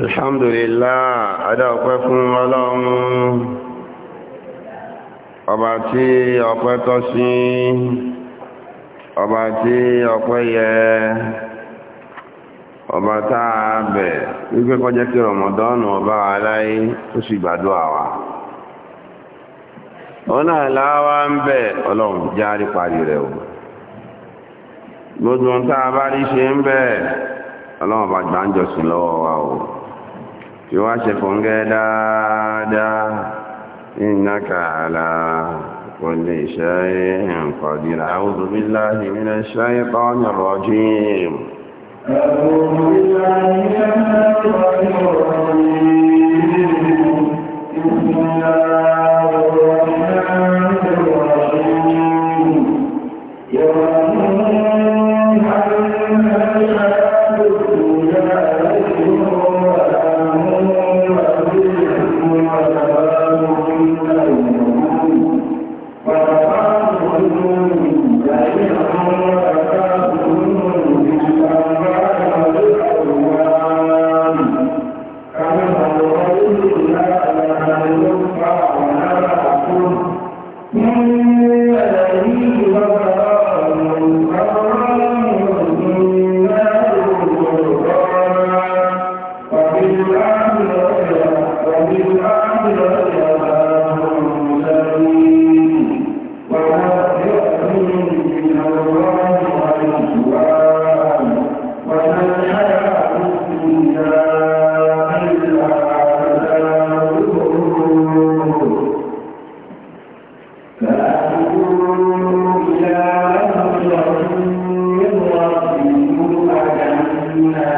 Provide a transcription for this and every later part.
alhamdulillah adá ọ̀pẹ́ fún ọlọ́run ọba tí ọ̀pẹ́ tọ́ sí ọba tí ọ̀pẹ́ yẹ ọba táa bẹ̀ wípé kọjẹ́ kí rọmọdọ́nù ọba aláyé tó sì gbàdúrà wa ọ̀nà aláwá ń bẹ̀ ọlọ́run járí parí rẹ̀ ọ̀gbọ̀n gbogbo ń tá a bá rí ṣe ń bẹ́ẹ̀ ọlọ́run bá gbà ń jọsìn lọ́wọ́ wa o tí wá ṣe fòǹgẹ́ dáadáa innaka ala kulli shay'in qadir a'udhu billahi minash shaytanir rajim أعوذ بالله من الشيطان الرجيم بسم الله يعملون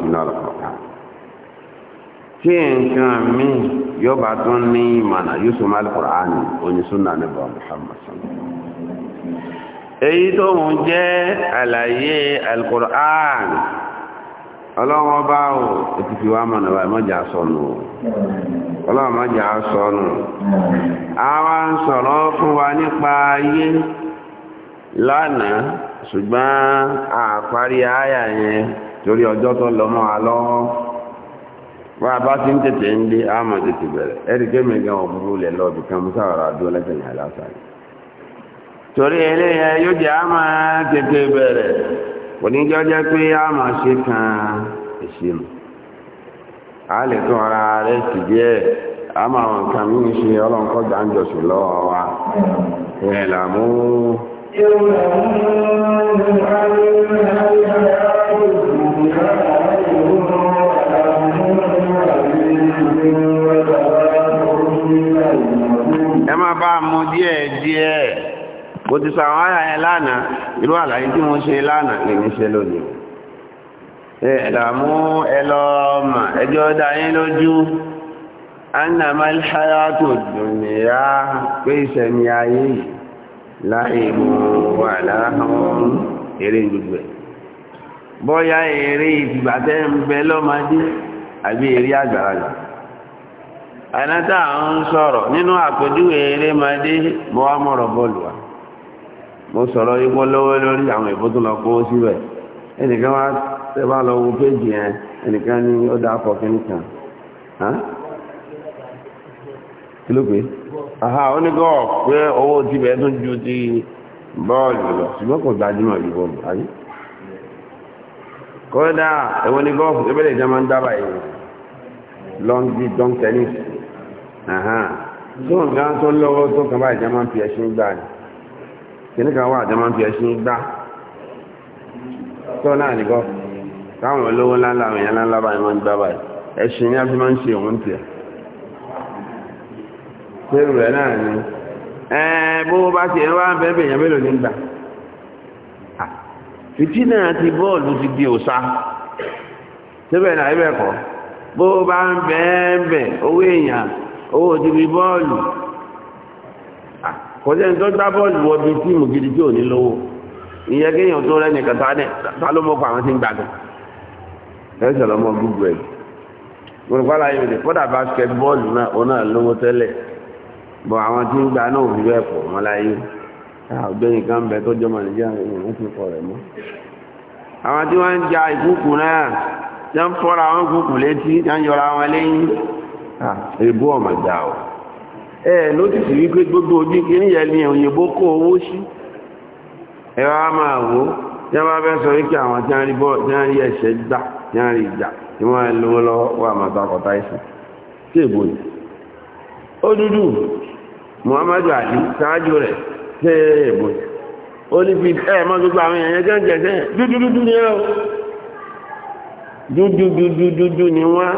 nínú àlùkọ̀tà tí nǹkan míì yóò bá tún ní ìmọ̀nà yóò so máa Kùránì onísúnà nípa Muhammad sallallahu èyí tó ń jẹ́ àlàyé Al-Qur'an ọlọ́wọ́ bá ò ti fi wá mọ̀nà wà mọ́jà sọnù ọlọ́wọ́ mọ́jà sọnù àwa ń sọ̀rọ̀ ṣùgbọ́n àparí àyà yẹn torí ọjọ́ tó lọmọ mọ́ wọ́n bá ti ń tètè ń dé àmọ́ tètè bẹ̀rẹ̀ ẹ̀rí kémi gan ọ̀bùrú lẹ̀ lọ́ọ̀bì kan mú sáwọ́ra dúró lẹ́sẹ̀yìn torí eléyẹ yóò jẹ́ àmọ́ tètè bẹ̀rẹ̀ oníjọ́ jẹ́ pé a lè tún ara rẹ̀ sì díẹ̀ àmọ́ àwọn nǹkan mí ṣe ọlọ́nkọ́ gbàǹjọ̀sùn lọ́wọ́ wa ìrìn làmú. ẹ máa bá mú díẹ̀ díẹ̀ bó ti sọ àwọn ya yẹn lánàá irú àlàyé tí mo ṣe lánàá lè ní ṣe lónìí ẹ̀dàmú ẹlọ́ọ̀mà ẹjọ́ dáyé lójú annama pé ayé bọ́yá eré ìfìgbà tẹ́ ń bẹ lọ́mọdé àbí èrè àgbàlagbà àdáta ń sọ̀rọ̀ nínú àpèjúwe eré mọdé bọ́ wá bọ́ọ̀lù wa mo sọ̀rọ̀ ikú lọ́wọ́ lórí àwọn ìbò tó lọ lọ wo péjì yẹn ẹnìkan ó dá akọ kí ló pé aha pé owó tibẹ̀ ju ti bọ́ọ̀lù lọ ṣùgbọ́n kò gbajúmọ̀ kódà ẹ̀wọ́n ní gọ́ọ̀fù tó bẹ̀rẹ̀ ìjọba ń dábàá yìí long beat long tennis tó nǹkan tó lọ́wọ́ tó kàn bá ìjọba ń fi ẹṣin gbà ní kìíní kan wà ìjọba ń fi ẹṣin gbà tó náà ní gọ́ọ̀fù táwọn olówó ńláńlá àwọn èèyàn ńláńlá báyìí máa ń gbá báyìí ẹṣin ní abí máa ń ṣe òun tiẹ̀ pẹ̀lú rẹ̀ náà ni ẹ̀ẹ́n bó bá tiẹ̀ wá bẹ́ẹ̀ bẹ̀yàn fìtínà àti bọ́ọ̀lù ti di òsá síbẹ̀ náà ibẹ̀ kọ́ bó bá ń bẹ́ẹ̀bẹ̀ owó èèyàn owó ti fi bọ́ọ̀lù kọjẹ́ tó gbá bọ́ọ̀lù wọ bí tíìmù gidi tí ò ní lówó ìyẹn kéèyàn tó rẹ́ nìkan tá ló mọ́kọ àwọn tí ń gbàgbọ́ ẹ̀sẹ̀ lọ́mọ gbogbo ẹ̀ gbogbo ayé òde kọ́dà basket bọ́ọ̀lù náà lówó tẹ́lẹ̀ bọ̀ àwọn tí ń gbà náà ò fi bẹ́ẹ̀ pọ̀ wọn láyé Ah, ọ̀gbẹ́ni kan bẹ tó jọmọ nìjíríà ìwọ̀n ti kọ rẹ̀ mọ́ àwọn tí wọ́n ń ja ìkúkù náà tí wọ́n fọ́ra wọn kúkù létí tí wọ́n yọra wọn lẹ́yìn ah, èbú ọ̀mà jà ọ̀ ẹ lótìsí wípé gbogbo ojú kìíní yẹn ni òyìnbó kó owó sí ẹ wá máa wò ó tí wọ́n bá fẹ́ sọ wípé àwọn tí wọ́n rí bọ́ tí wọ́n rí ẹ̀ṣẹ̀ gbà tí wọ́n rí ìjà tí wọ́n lówó lọ́wọ́ wà máa tọ́ akọ̀tà tí èbó yìí ó dúdú Muhammadu Ali ṣáájú rẹ̀ ṣe èbò olùfi gbogbo àwọn èèyàn gẹ́gẹ́ sẹ́ dúdúdúdú ni o dúdúdúdúdú ni wọ́n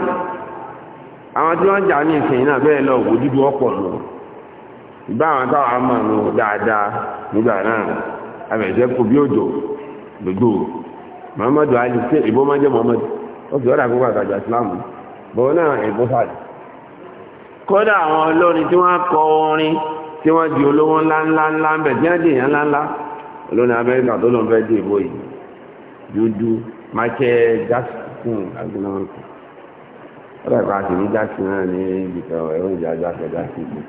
àwọn tí wọ́n jà ní náà bẹ́ẹ̀ lọ wò dúdú lọ ìbá àwọn táwọn mọ̀ nù dáadáa nígbà náà abẹ̀jẹ́ kò bí òjò lójú Muhammadu Ali ṣe ìbò máa jẹ́ Muhammadu ó fi ọ̀rọ̀ àkókò àtàjà Islam bọ́ọ̀ náà ìbò fàdí kódà àwọn olórin tí wọ́n kọ orin tí wọ́n di olówó ńlá ńlá ńlá ń tí di ńlá ńlá olóní amẹ́ríkà tó fẹ́ yìí dúdú ọ̀rọ̀ ní náà ní ibìkan ẹ̀rọ ìjà ìbò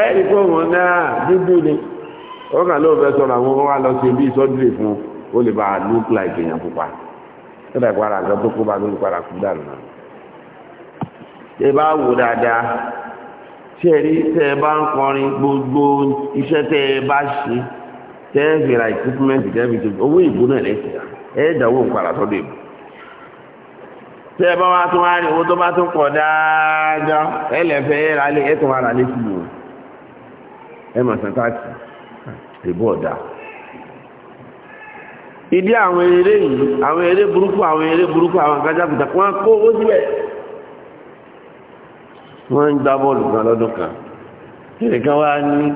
ẹ wọn náà dúdú ni ó fẹ́ sọ̀rọ̀ àwọn lọ sí ibi ìsọdúnlẹ̀ fún ó lè bá a look like èèyàn pupa ọ̀rọ̀ ìpá àgbà kó bá kú dànù náà bá tí ẹ̀rí ń kọrin gbogbo iṣẹ́ tẹ́ ṣe tẹ́ ẹ fi owó ìbò náà lẹ́sìn sọ́dọ̀ ìbò. bá tún wá owó tó bá tún pọ̀ dáadáa ẹ lẹ́fẹ̀ lé lé sí ẹ mọ̀ ìbò àwọn eré yìí àwọn eré burúkú àwọn eré burúkú àwọn wọ́n ń gbá bọ́ọ̀lù kan lọ́dún kan kìrì kan wá ní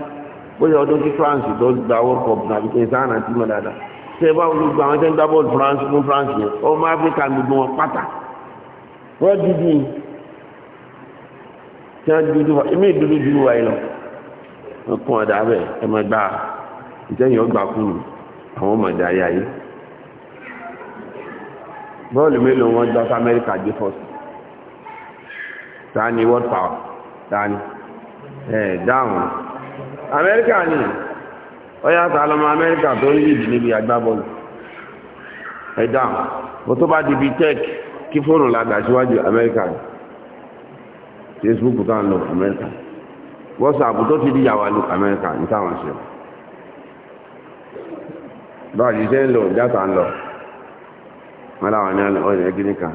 bóyá ọdún tí France tó gba World Cup náà àbíkẹ́ sáànà tí mọ̀ dáadáa ṣe bá wọn gbogbo àwọn tẹ́ ń gbá bọ́ọ̀lù France fún France yẹn ọmọ Áfíríkà gbogbo wọn pátá wọ́n dídì tí wọ́n dúdú wa èmi dúdú ju wa yìí lọ wọ́n kún ọ̀dà abẹ́ ẹ máa gbá ìtẹ́yìn ọgbà kù àwọn ọmọ ìdarí ayé bọ́ọ̀lù mélòó wọn gbá fún ta ni world power ta ni ẹ̀ eh, dáhùn amẹ́ríkà ni ọ̀yá ta lọ́mọ amẹ́ríkà tó ní ìdí níbi agbábọ́ọ̀lù ẹ̀ dáhùn mo tó bá di bíi tech kí fóònù la gbà síwájú amẹ́ríkà ni facebook tó ń lọ amẹ́ríkà whatsapp tó ti di yàwá lu amẹ́ríkà ní táwọn ṣe báyìí ṣe ń lò dátà ń lọ wọn làwọn ní ọ̀rẹ́ gíní kan.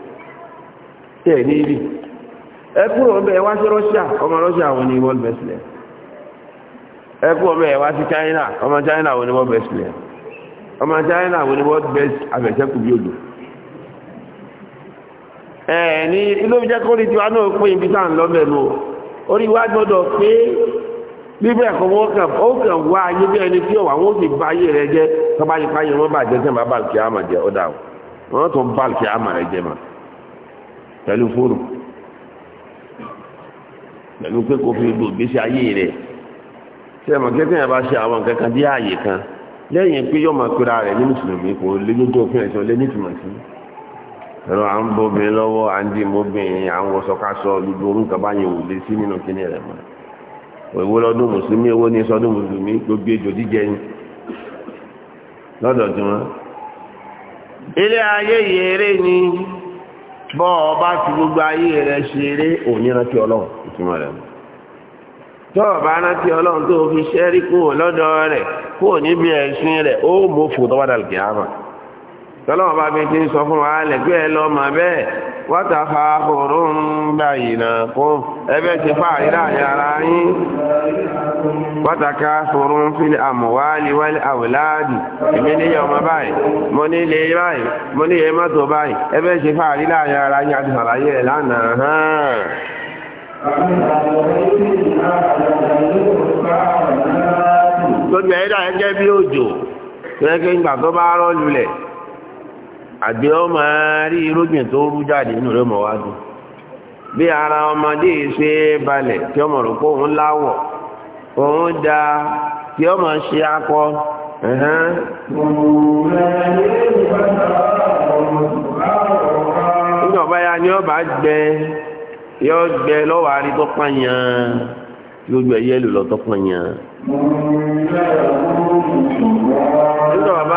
tẹ̀ ní ibi ẹ kúrò Russia ọmọ Russia wọn ni world best player sí China ọmọ China wọn ni world best player ọmọ China wọn ni world best abẹ̀sẹ̀kù bí odò ẹ̀ ní ilé omi jẹ́ ní tiwa náà pín ibi o orí wa gbọ́dọ̀ pé bíbẹ̀ ẹ̀kọ́ wọn kàn ó kàn wá ayé bí ẹni tí ọ̀wà wọn sì ayé rẹ jẹ́ bá àmà jẹ́ ọ̀dà wọn àmà pẹ̀lú fóònù pẹ̀lú pé kò fi gbò gbèsè ayé rẹ̀ ṣe mọ̀ kẹ́kẹ́ yẹn bá ṣe àwọn nǹkan kan ààyè kan lẹ́yìn pé yọ́ máa pera rẹ̀ ní mùsùlùmí kò lé lójú òfin ẹ̀sìn sí ẹ̀rọ à ń lọ́wọ́ à ń dì à ń wọṣọkáṣọ gbogbo orúkọ wò lé sí nínú kíní rẹ̀ mọ́ lọ́dún mùsùlùmí owó ní sọ́dún mùsùlùmí gbogbo jíjẹ ni lọ́dọ̀ tí wọ́n ilé ayé yèrè ni bọ́ ọ bá fi gbogbo ayé rẹ ṣeré òní rántí ọlọ́run ìtumọ̀ rẹ̀ tó o bá rántí ọlọ́run tó o fi ṣẹ́rí kúrò lọ́dọ̀ rẹ̀ kúrò níbi ẹ̀sìn rẹ̀ ó mú fòtọ́wádàlì kìá tọ́lọ́wọ́ bá bí ti ń sọ fún wa ẹ lọ mà bẹ́ẹ̀ wọ́tà fa òró ń gbà yìí nà kó ẹbẹ́ ti fa àríra yàrá yín ká ń fi àwòláàdì èmi ọmọ báyìí mo báyìí mo mọ́tò báyìí ti fa àríra yàrá yín àti sàlàyé hàn. àgbẹ̀ ọmọ rí irúgbìn tó rú jáde nínú rẹ̀ mọ̀ bí ara ọmọdé ṣe balẹ̀ tí ọmọ rò òun láwọ̀ òun da tí ọmọ ṣe akọ nígbà ya ni ọba gbẹ yọ gbẹ lọ́wọ́ tó pààyàn tí ó gbẹ yẹ́lò lọ́tọ́ pààyàn.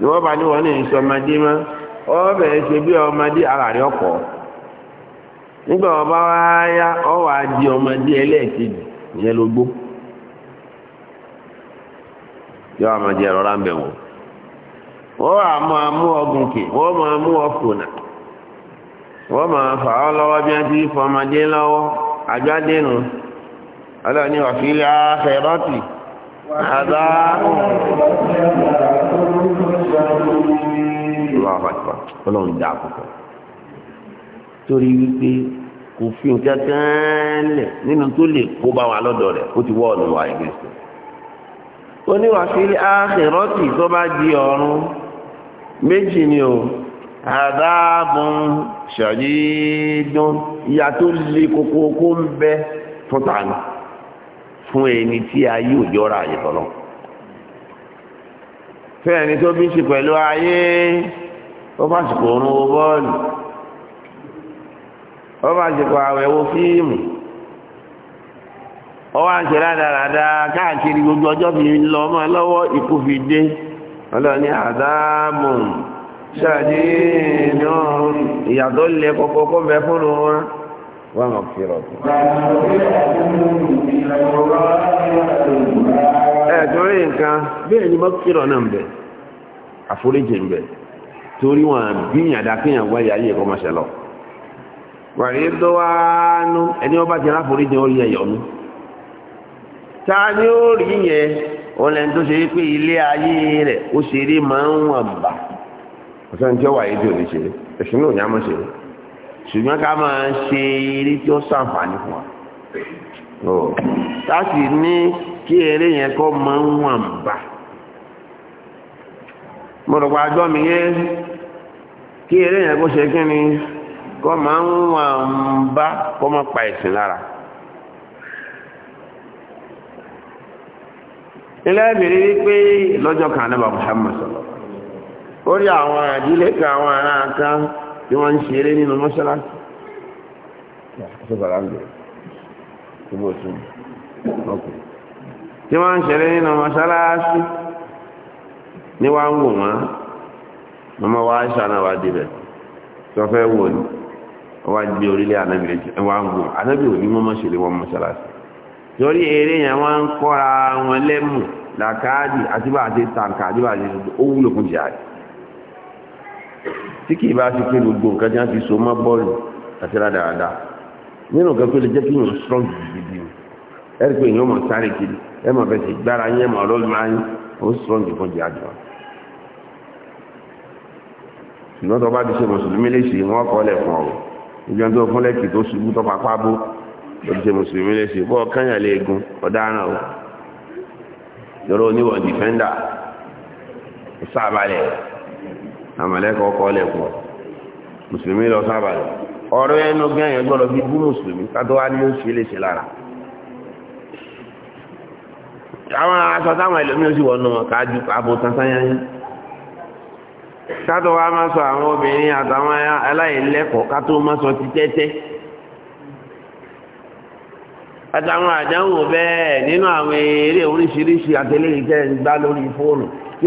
ni wọ́n bá ní wọn ní ọ bẹ̀rẹ̀ ṣe bí ọmọdé nígbà bá wá yá ọ wà di ọmọdé ẹlẹ́ẹ̀kejì ìyẹn ló gbó yọ ọmọdé ẹ̀rọ ráńbẹ̀ wọ̀ wọ́n wà máa mú ọgùn kè wọ́n máa mú ọkùnà wọ́n fà ọ́ lọ́wọ́ bí wọ́n Allahu Akbar ọlọ́run dá àkọ́kọ́ torí wípé kò fi nǹkan kan lẹ̀ nínú tó lè kó bá wa lọ́dọ̀ rẹ̀ ó ti wọ́ ọ̀nà wa ìgbésẹ̀ ó ní wàá fi áàkìrọ́tì tó bá di ọ̀run méjì ni o àdáàbùn ṣàyídùn ìyà tó le kókó kó ń bẹ fún tani fún ẹni tí ayé òjọ́ra àyẹ̀tọ̀ náà. pé tó bí ṣe pẹ̀lú ayé ó bá ṣe kò wo bọ́ọ̀lù ó bá ṣe àwẹ̀ wo fíìmù ó wá ń ṣe rádaràda káàkiri gbogbo ọjọ́ mi lọ mọ́ lọ́wọ́ ikú fi dé ọlọ́ni náà ìyàtọ̀ ẹ̀tọ́rí nǹkan bẹ́ẹ̀ ni mọ́kìrọ̀ náà bẹ̀ àforíjì ń bẹ̀ torí wọn wáyé ayé ẹ̀kọ́ lọ wàrí tó wá nú ẹni wọ́n bá ti ráforíjì ó rí ẹ̀yọ̀ ta ni ó rí yẹn òun lẹ́ni tó ṣe é pé ilé ayé rẹ̀ ó ṣe máa ń wọ̀n bà wà yìí tí ṣe ẹ̀sùn náà ò ní ṣe ṣùgbọ́n ká máa ṣe eré kí eré yẹn kọ́ máa ń wà ń bà mo rò pa àjọ mi kí eré yẹn kó ṣe kí ni kọ́ máa ń wà ń bá kọ́ máa pa ẹ̀sìn lára. ilé ìbìrì lọ́jọ́ kan náà Muhammad sọ̀rọ̀ àwọn àdílé àwọn ará kan tí wọ́n tí wọ́n ń ṣeré nínú mọ́ṣáláṣí ní wá ń wò wọ́n mọ́mọ́ wá ṣàánà wá débẹ̀ tó fẹ́ wò ní wá gbé orílẹ̀ ànábìrẹ́jì wá ń wò ànábì ò ní mọ́mọ́ ṣeré wọn mọ́ṣáláṣí torí eré yẹn wọ́n ń kọ́ra wọn lẹ́mù làkáàdì àtibá àti tàǹkà àtibá àti ó wúlò fún jihadi tí kìí bá ti pé gbogbo nǹkan tí wọ́n fi so mọ́ bọ́ọ̀lù àti rádaràda nínú nǹkan tó lè jẹ́ kí èèyàn strong gidi ni ẹ̀rí pé èèyàn sáré kiri ẹ mọ̀ bẹ́ẹ̀ sì gbára yín ẹ mọ̀ ọlọ́run máa yín ó strong fún jihadu wa ṣùgbọ́n tó bá ti ṣe mùsùlùmí léṣe wọ́n kọ́ lẹ̀ fún ọ ìjọ tó fún lẹ́kì tó ṣubú tó papá bó ó ti ṣe mùsùlùmí léṣe bọ́ kányà lè gun ọ̀daràn o yọrọ oníwọ̀n dìfẹ́ndà sábàlẹ̀ àmọ̀lẹ́kọ̀ọ́ kọ́ lẹ̀ fún ọ mùsùlùmí lọ sábàlẹ̀ ọ̀rọ̀ ẹnu gẹ́yìn gbọ́dọ̀ fi bú mùsùlùmí ká tó wá ní ó ṣe léṣe lára àwọn aṣọ táwọn ẹlòmí ó wọn kájú àbò tansáyáyá kátó wa máa sọ àwọn obìnrin àtàwọn aláìlẹ́kọ̀ọ́ kátó máa sọ ti tẹ́tẹ́ àtàwọn àdánwò bẹ́ẹ̀ nínú àwọn eré oríṣiríṣi àtẹlé ìtẹ́ gbá lórí fóònù tí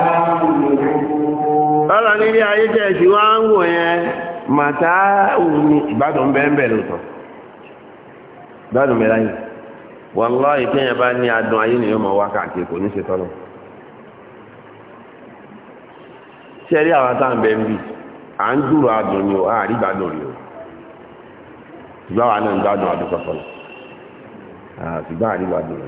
wà nílé ayé tẹ̀sí wá ń wò yẹn màtá òní ìbádùn bẹ́ẹ̀ lóòótọ́ ìbádùn bẹ́ẹ̀ láyé wàláhì ìkẹyìn bá ní adùn ayé nìyẹn mọ̀ wá káàkiri kò ní ṣe tọ́lọ̀ sẹ́rí àwọn táwọn bẹ́ẹ̀ ń bì à ń dúró adùn ni ó àárí ìbádùn rí o náà ń ìbádùn rí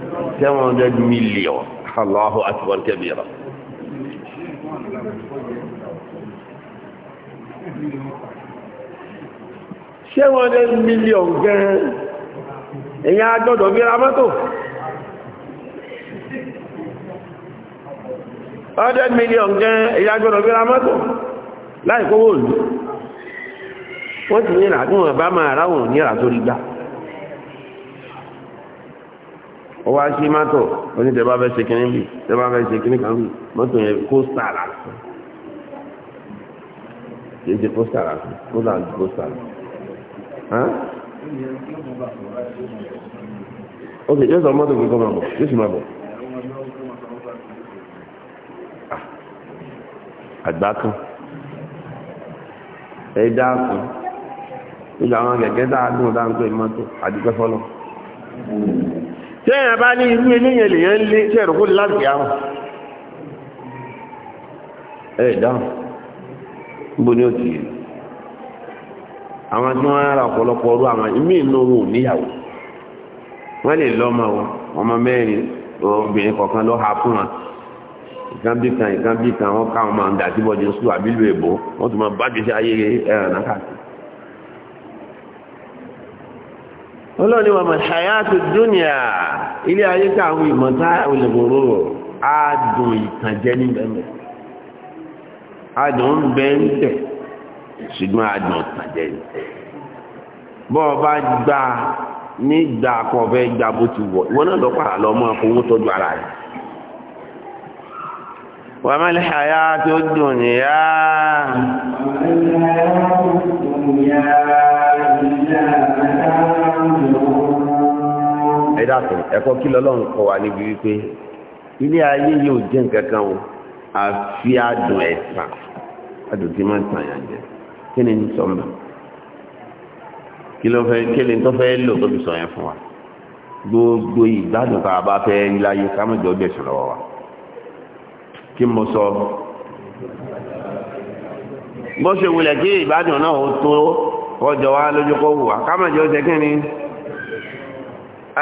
700 million Allahu akbar kabira seven hundred million gan èyàn agbọ́dọ̀ bí ra mọ́tò hundred million gan èyàn agbọ́dọ̀ bí ra mọ́tò láìkówó òlú wọ́n ti ní ìràgùn ọ̀bá máa ráwùn ní ìrà gbáà ó wá sí mọ́tò oní tẹ bá fẹ́ ṣe kínní bì tẹ bá fẹ́ ṣe kínní kan bì mọ́tò yẹn kóstà lásán kì í ṣe kóstà lásán kóstà ju kóstà lọ. ok yóò sọ mọ́tò kíkọ́ máa bọ̀ yóò sì máa bọ̀. Ah, àgbá kan ẹ dáàkùn nígbà àwọn kẹ̀kẹ́ dáadùn dáńtó ìmọ́tò àdìpẹ́ fọ́lọ́. tí ẹ̀yàn bá ní irú eléyìn èlèyàn lé tí ẹ̀rù kó láti àwọn ẹ̀ dáhùn níbo ni àwọn tí wọ́n ra ọ̀pọ̀lọpọ̀ ọrú àwọn ìmí ìlú níyàwó wọ́n lè lọ́mọ ọmọ mẹ́rin obìnrin ha fún wọn ìkan bí wọ́n máa ń dà olóòní wa mọ̀ṣáyàtò dúnìá ilé ayé tí àwọn ìmọ̀ta olùgbòrò adùn ìtànjẹ ní bẹ̀mẹ̀ adùn ń bẹ ń bẹ̀ ṣùgbọ́n adùn ìtànjẹ ní bọ́ ọba gba ní gba akọ̀ọ̀fẹ́ gba bó ti wọ̀ ìwọ náà lọ́pàá àlọ́ ọmọ akówó tọ́jú ara rẹ̀ wà má lè ṣàyà tó dùn níyà Ìyá ìyá dákun ẹ̀kọ́ kí lọ́lọ́run kọ wà níbi wípé ilé ayé yóò jẹ́ o àfi adùn ẹ̀sà adùn máa ń tàn jẹ kí ni sọmọ kí ló fẹ́ kí ni tó fẹ́ sọ yẹn fún wa gbogbo ìgbádùn tá bá fẹ́ wa kí sọ bó ṣe wulẹ̀ kí ìgbádùn náà ó tó wa lójú kó wù ṣe kí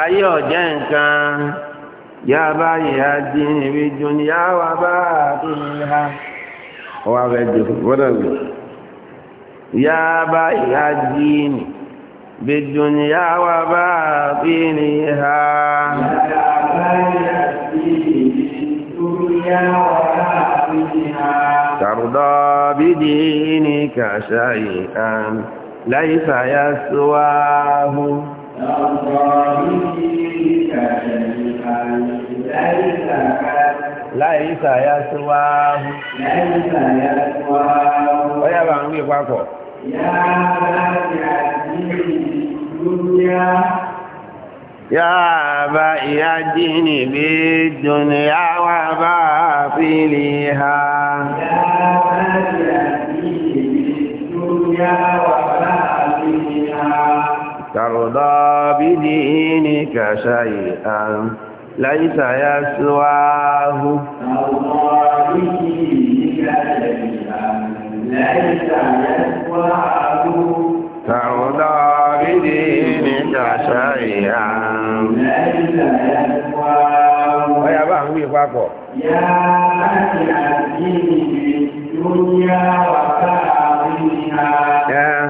ayé ọ̀jẹ́ nǹkan yá báyìí á di ìrìn jù ní àwà bá àtúnyìn ha ọwọ́ abẹ́ jù gbọ́dọ̀ wù yá báyìí á di ìrìn bìdù ní àwà bá àtúnyìn ha. ترضى بدينك شيئا ليس يسواه láìsà ya síwáhú ọ̀yá bá ń wí papọ̀. Ya ba iya jini bi duniya wa ba fili ha. Ya ba iya jini bi duniya wa ba fili ha. ترضى بدينك شيئا ليس يسواه ترضى بدينك شيئا ليس يسواه ترضى بدينك شيئا ليس يسواه يا بابا مي فاكو يا أهل الدين في الدنيا وكافرها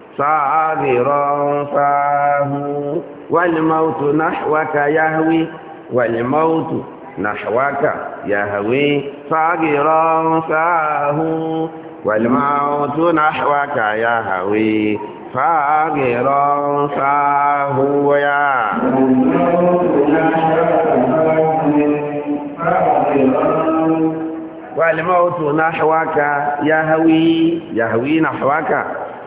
صابرا فاهو والموت نحوك يهوي والموت نحوك يهوي صابرا فاهو والموت نحوك يهوي صابرا فاهو يا والموت نحوك يهوي يهوي نحوك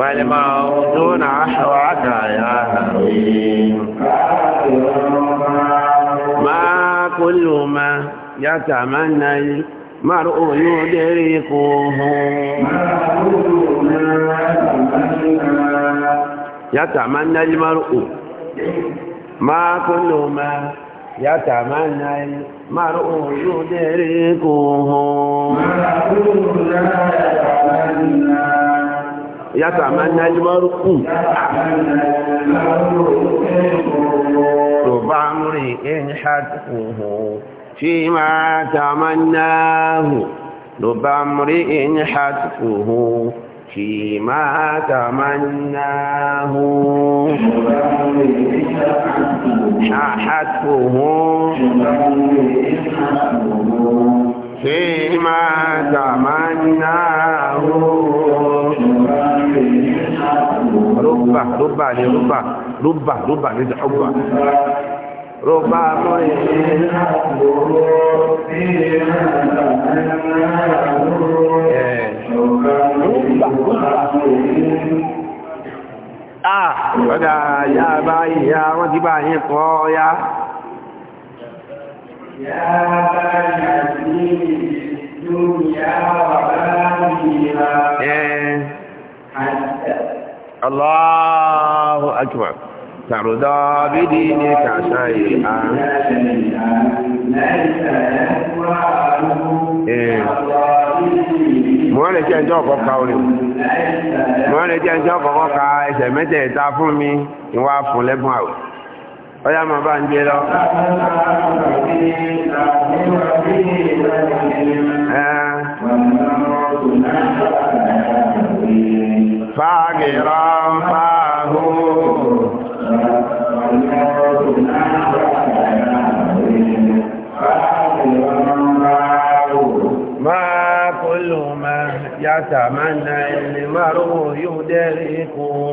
والموتون حولك يا حبيب ما كل ما يتمنى المرء يدركه يتمنى المرء ما كل ما يتمنى المرء يدركه ما كل ما يتمنى yàtà máa ń nájú mọ́rú kù tó bá ń rí ìhàtùhù fi máa tàmà náàhù tó bá ń rí ìhàtùhù fi máa tàmà náàhù ìhàtùhù fi máa tàmà náàhù rúbà rúbà ni rúbà rúbà rúbà ní ọgbà rúbà mọ́ Ah, ọ̀dá ya báyìí ya wọ́n ti bá yín kọ́ ya. Ya báyìí ya sí ìlú ya wà bá mi ra. Allahu akbar tàrùdọ́ bídí ní kàṣà ìhà eh. mọ́ lè jẹ́ ìjọ ọ̀kọ̀ọ̀ká orí mọ́ lè jẹ́ ìjọ ọ̀kọ̀ọ̀ká ẹsẹ̀ mẹ́tẹ̀ẹ̀ta fún mi ìwà fún lẹ́gbọ́n àwẹ̀ ọya ma bá ń gbé lọ ẹ̀ẹ́ eh. فاقرا فاهو ما كل ما يتمنى المرء يدركه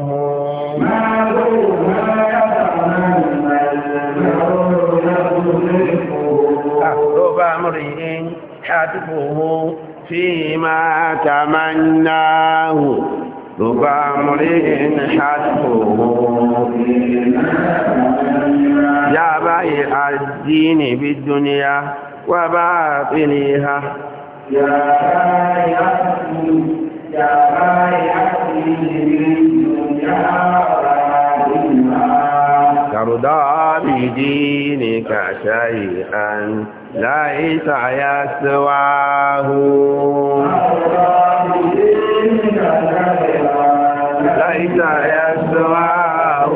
ما كل ما يتمنى المرء يدركه ربما امرئ حتفه فيما تمناه ربا امرئ حسبه يا بيع الدين بالدنيا وباطنها يا بيع يا بيع الدين بالدنيا ترضى بدينك شيئا ليس يسواه ترضى بدينك شيئا رأيت يسواه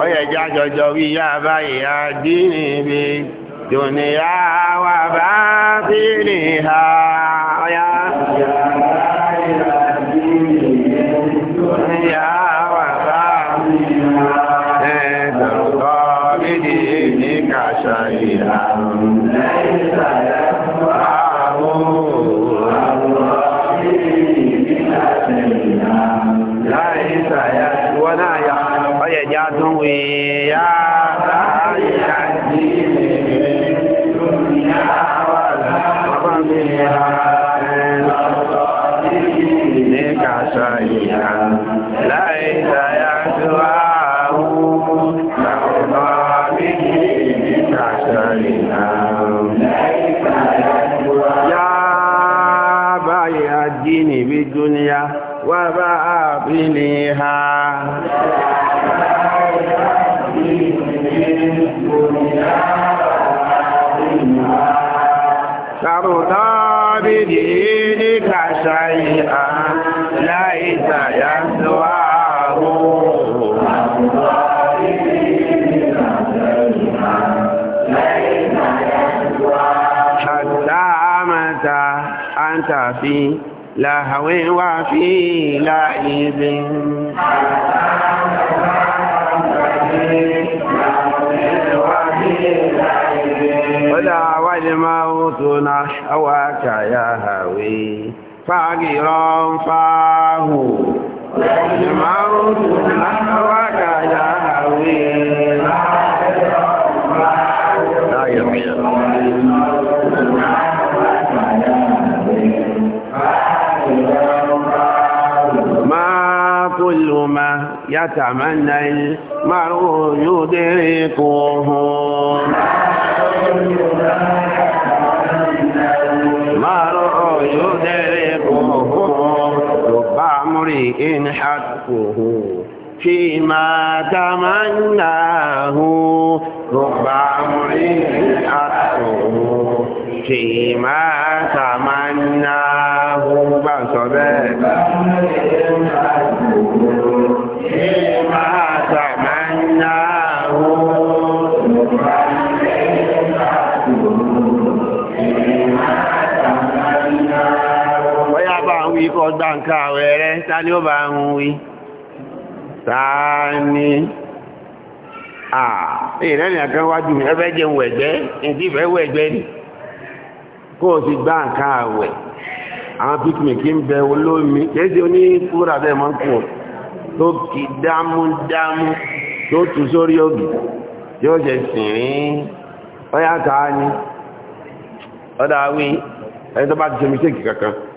ويجع جوية بيع ديني بي دنيا وباطنها يا في هوى وفي إذن ولا والموت نحوك يا هوي فقيرا فاه والموت نحوك يا هوي لا يرحم كل ما يتمنى المرء يدركه المرء يدركه رب حقه فيما تمناه رب امرئ حقه فيما تمناه بصدق gba nǹkan àwẹ̀ rẹ ta ni ó bá ń wí ta ni ìrẹ́nì àkan wájú mi ẹfẹ́ jẹun wẹ̀gbẹ́ ìdí ìfẹ́ wẹ̀gbẹ́ ni kó o ti gba nǹkan àwẹ̀ àwọn píkìmìkì ń bẹ olómi kéèsì oní kúrò abẹ́ mọ́ kù tó kì dámú dámú tó tù sórí ògì yóò ṣe sìn ọyá ta ni ọdá wí ẹni tó bá ti ṣe mistake kankan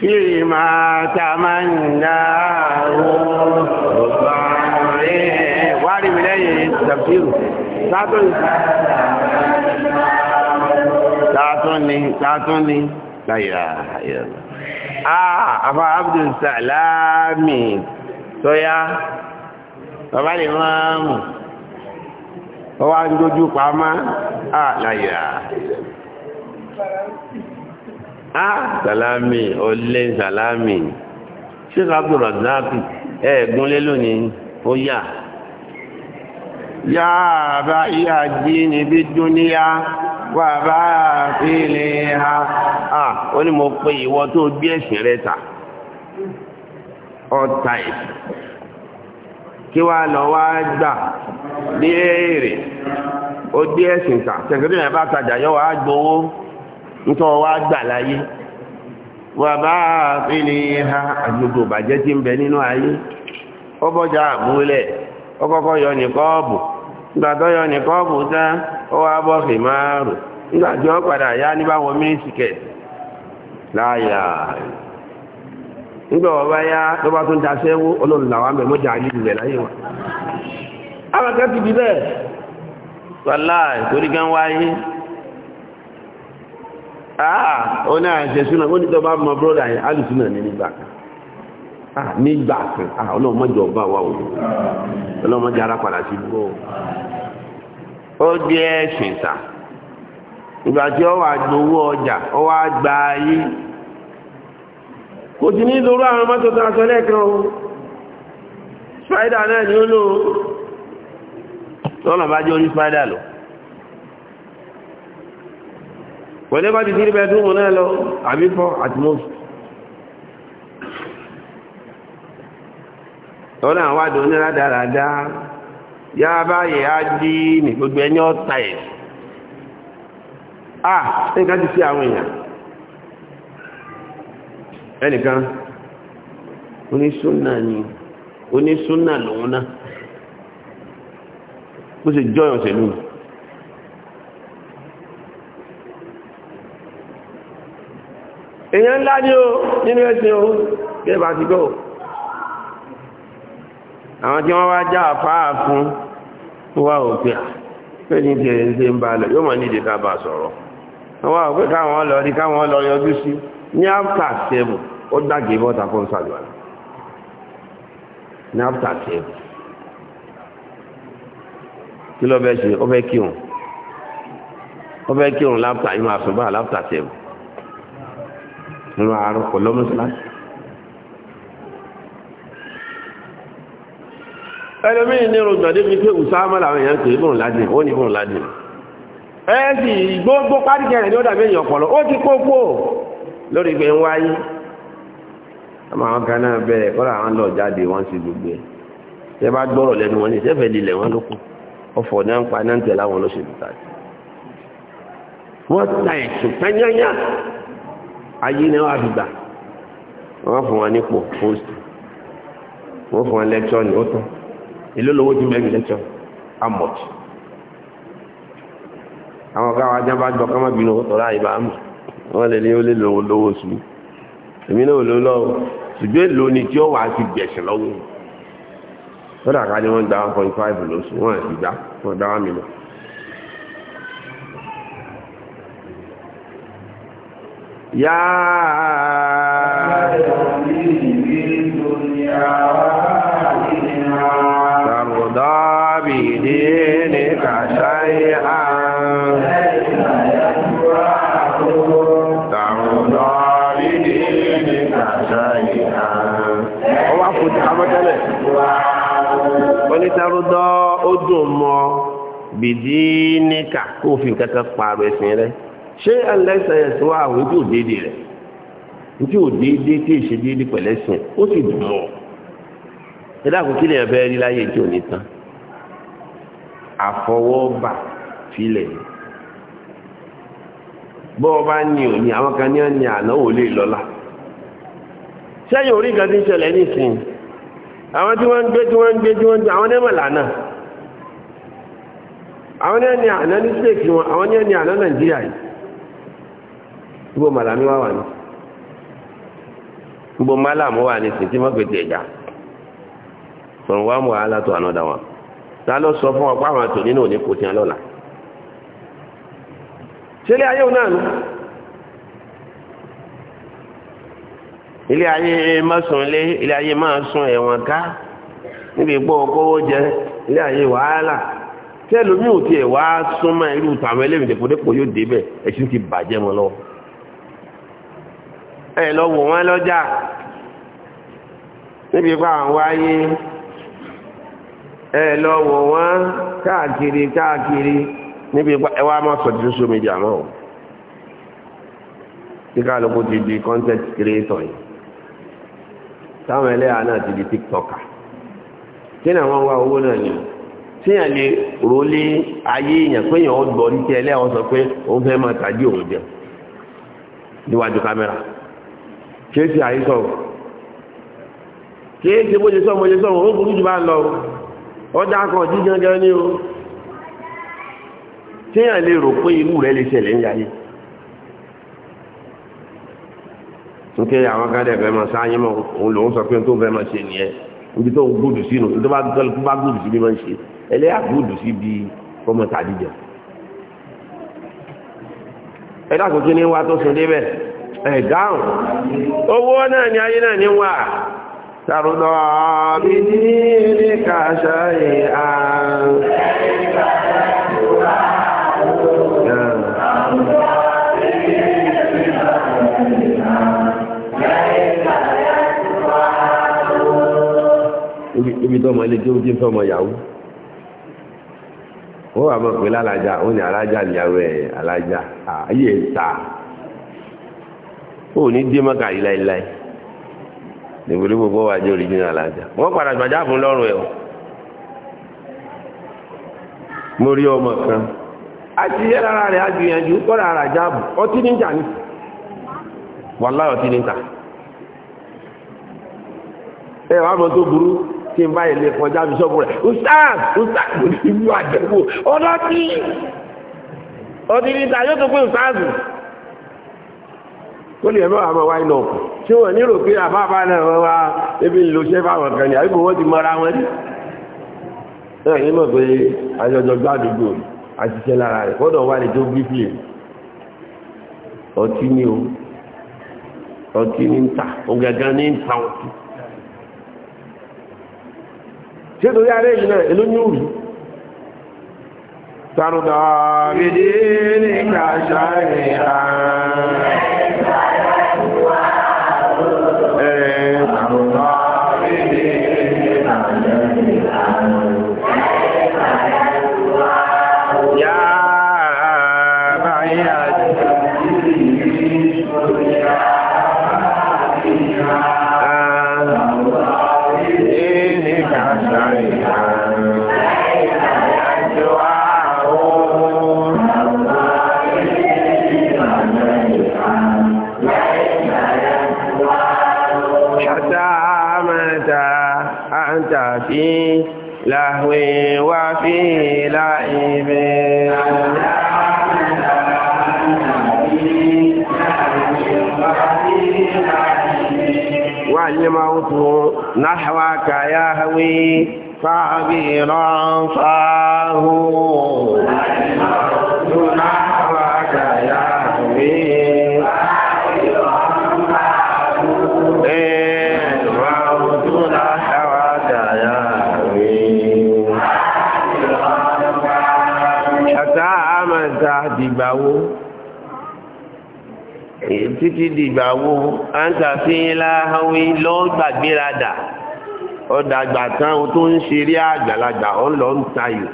فيما تمناه واري بلاي تفسير ساتوني ساتوني ساتوني لا اله الا الله اه ابو عبد السلام tọ́yá bàbá lè máa mù ọ wá ń dojú pa má à láyà á sàlámì ọlẹ́ sàlámì ṣé kábùrọ̀ záàpì ẹ̀ẹ́gúnlé lónìí ó yà yá bá yá jí níbi dúníyá wà bá fi lè ha ó ní mo pe ìwọ tó gbé ẹ̀sìn rẹ ta. all time kí wàá lọ wá gbà ní èrè ó dé ẹ̀sìn ta tẹ̀sán tẹ̀sán bá tajà yọ wàá gbowó nítorí wàá gbà láyé wà bá ha àgbègbè bàjẹ́ ti ń bẹ nínú ayé ó àmúlẹ̀ ó yọ ní kọ́ọ̀bù nígbà tó yọ ní kọ́ọ̀bù ó wá bọ́ máa rò nígbà tí padà nígbà wọn ya yá tó bá tún daṣẹ́ wó ọlọ́run làwọn abẹ mọ́jà láyé ti di bẹ́ẹ̀ wàlá gan wáyé àà ó ní àṣẹ súnà ó ní tó bá mọ bróda yẹn alùsúnà ní nígbà kan nígbà kan di ẹ̀sìn ta ìgbà tí ọjà kò ti ní ìdúró àwọn mọ́tò tó aṣọ lẹ́ẹ̀kan o spider náà ni ó lò ó tọ́nà bá jẹ́ orí spider lọ bá ti tí níbẹ̀ náà lọ àbí fọ́ àti mọ́ tọ́nà àwọn ní rádaràdá yá báyìí á dí ní gbogbo ẹni ọ̀tá ẹ̀ ah ẹ̀ka ti sí àwọn èèyàn ẹnìkan onísúnà ni onísúnà lòun náà ó sì jọyọ̀ sẹ́lú èyàn ńlá ní o nínú ẹ̀sìn o kẹfà ti gọ́ àwọn tí wọ́n wá já àfáà fún wá òpin à pẹ́ni tí ń bá lọ yóò mọ̀ ní ìdíkà bá sọ̀rọ̀ wọ́n wá káwọn lọ rí káwọn lọ yọjú sí ní after seven ó dàgé bọ́ta fún sàlùwà ní after seven kí ló fẹ́ ṣe ó fẹ́ kírun ó fẹ́ kírun láfta inú àṣùbà láfta seven nínú àárọ̀ kò lọ́mọ́síláṣí. ẹlòmíì ní rògbọ̀n débi pé Usama làwọn èèyàn pè bùn ládì ó ní bùn ládì ẹ sì gbogbo pàdíkẹrẹ ní ó dàbí èèyàn ọpọlọ ó ti kó kó lórí pé ń wáyé ọmọ àwọn kan náà bẹ̀rẹ̀ kọ́ra àwọn lọ jáde wọ́n sì gbogbo ẹ̀ tẹ́ bá gbọ́rọ̀ lẹ́nu wọn ní sẹ́fẹ̀ lílẹ̀ wọn ló kù ọ̀fọ̀ náà ń pa náà ń tẹ̀ láwọn olóṣèlú tàbí wọ́n ta ẹ̀sùn pẹ́yányá ayé ni wọ́n fi gbà wọ́n fún wọn nípò post wọ́n fún wọn lẹ́kṣọ́ ní ó tán ìlú lówó ti mẹ́rin lẹ́kṣọ́ amọ̀tì àwọn káwọn ajá bá gbọ́ kọ́mọ́bìnrin ó tọ́ra wọ́n lè ní ó lè lọ́wọ́ lọ́wọ́ oṣù èmi náà ló lọ́wọ́ ṣùgbọ́n èlò ni tí ó wà á ti gbẹ̀sẹ̀ lọ́wọ́ lọ́dà ká ní wọ́n gba one point five lóṣù wọ́n àti gbá wọ́n dá wàmí lọ. yáa. bìdíníkà kó fi nǹkan kan pààrọ̀ ẹ̀sìn rẹ ṣé ẹlẹ́sẹ̀ ẹ̀sìn wà àwọn ojú òdédé rẹ̀ ojú òdédé tí èṣe dédé pẹ̀lẹ́sìn ó sì dùn mọ́ ẹ dákun kí lèèyàn fẹ́ rí láyé tí ò ní tán àfọwọ́bà filẹ̀ bọ́ ọba ní òní àwọn kan ní ọ̀nì àná lè lọ́la sẹ́yìn orí nǹkan tí ń ṣẹlẹ̀ nísìnyí àwọn tí wọ́n ń gbé tí wọ́n ń gbé tí wọ́n ń gbé àwọn ẹ̀mọ̀ lànà àwọn ẹni àná ní stéèkì wọn àwọn ẹni àná nàìjíríà yìí gbogbo màlàmí wà wà ní gbogbo màlàmú wà ní pètè ẹ̀já from one wàhálà to ta lọ sọ fún ọ pé àwọn àtòní náà ò kò ayé náà nù ilé ayé má lé ilé ayé má sùn ẹ̀wọ̀n ká níbi kówó ayé wàhálà tẹ́lómi ò tiẹ̀ wá súnmọ́ irú tàwọn ẹlẹ́mìí dẹ́pọ̀dẹ́pọ̀ yóò débẹ̀ ẹ̀sìn ti bàjẹ́ mọ́ lọ́wọ́ ẹ lọ wò wọn lọ́jà níbi pa àwọn wáyé ẹ lọ wò wọn káàkiri káàkiri níbi pa ẹ wá má sọ ti social mọ́ o tí ti di content creator yìí táwọn ẹlẹ́yà náà ti di tiktoker kí ni àwọn wá owó náà yìí. tíyàn lè rò lé ayé èèyàn pé èèyàn gbọ́ ní tí ẹlẹ́ sọ pé òun fẹ́ máa tàjí òun jẹ níwájú kámẹ́rà kéèsì kéèsì ó burú jù bá lọ o tíyàn lè rò pé irú rẹ̀ lè ṣẹlẹ̀ ń yáyé àwọn kan dẹ̀ fẹ́ ojú tó ń gbódù sí nu tó bá gbọ́dù bá gbódù sí bí máa ń ṣe ẹlẹ́yà gbódù sí bí fọmọ tàdíjọ. ẹ dákun kí ni wá tó sùn débẹ̀ ẹ dáhùn owó náà ní ayé náà ní wà sàrùdọ̀ bí ní ní kàṣà yìí à ń. níbi ọmọ ilé kí ó ń ọmọ ó wà mọ̀ pé lálájà ó ní alájà níyàwó ẹ̀ alájà ayé ta ó ní dé mọ́kà yìí láéláé gbogbo wa jẹ́ original alájà wọ́n padà gbàjá fún lọ́rùn ẹ̀ o mo rí ọmọ kan àti rẹ̀ kọ́ra ọtí wàláyọ̀ tó burú tí n bá yẹ lè kọjá mi sọ́kùn rẹ̀ ustaz ustaz kò ní ìlú àjẹwò ọlọ́tí ọtí níta yóò tó pé ustaz ó lè mọ́ àmọ́ wáyé náà tí wọ́n ní rò pé àbábá náà wọ́n wá ebi ń lo iṣẹ́ fáwọn kan ní àbíkò wọ́n ti mọ́ra wọn ní. náà yín mọ̀ pé àjọjọ gbàdúgbò àṣìṣe lára rẹ̀ gbọ́dọ̀ wà ní tó bí fìlè ọtí ni o ọtí ni ń ta ògàgán ní ń ta ọtí ṣé torí ara èyí náà èló ní òrì tàrùdà rèdè ní kàṣà rẹ̀ صوت نحوك يهوي فعبيرا فاهو títí dìgbà wo à ń tàfihàn láhàwí lọ́ọ́ gbàgbéradà ọ̀dàgbà kan tó ń ṣeré àgbàlagbà ọ̀ lọ́ ń tayò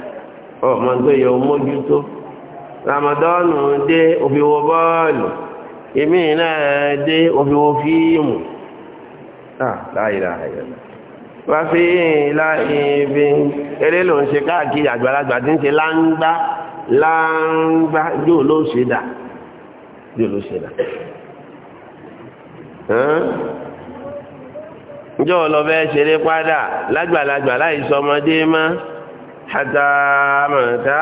ọmọ tó yẹ mójútó ramadọ́nù dé òfìwò bọ́ọ̀lù èmi náà dé òfìwò fíìmù wá sí láìbí eré ló ń ṣe káàkiri àgbàlagbà tí ń ṣe láńgbá láńgbá yóò ló ṣe dà yóò ló ṣe dà njẹ́ ọ lọ bẹ́ẹ̀ ṣeré padà lágbàlagbà láì sọmọdé mọ́ hàtàmọ̀tà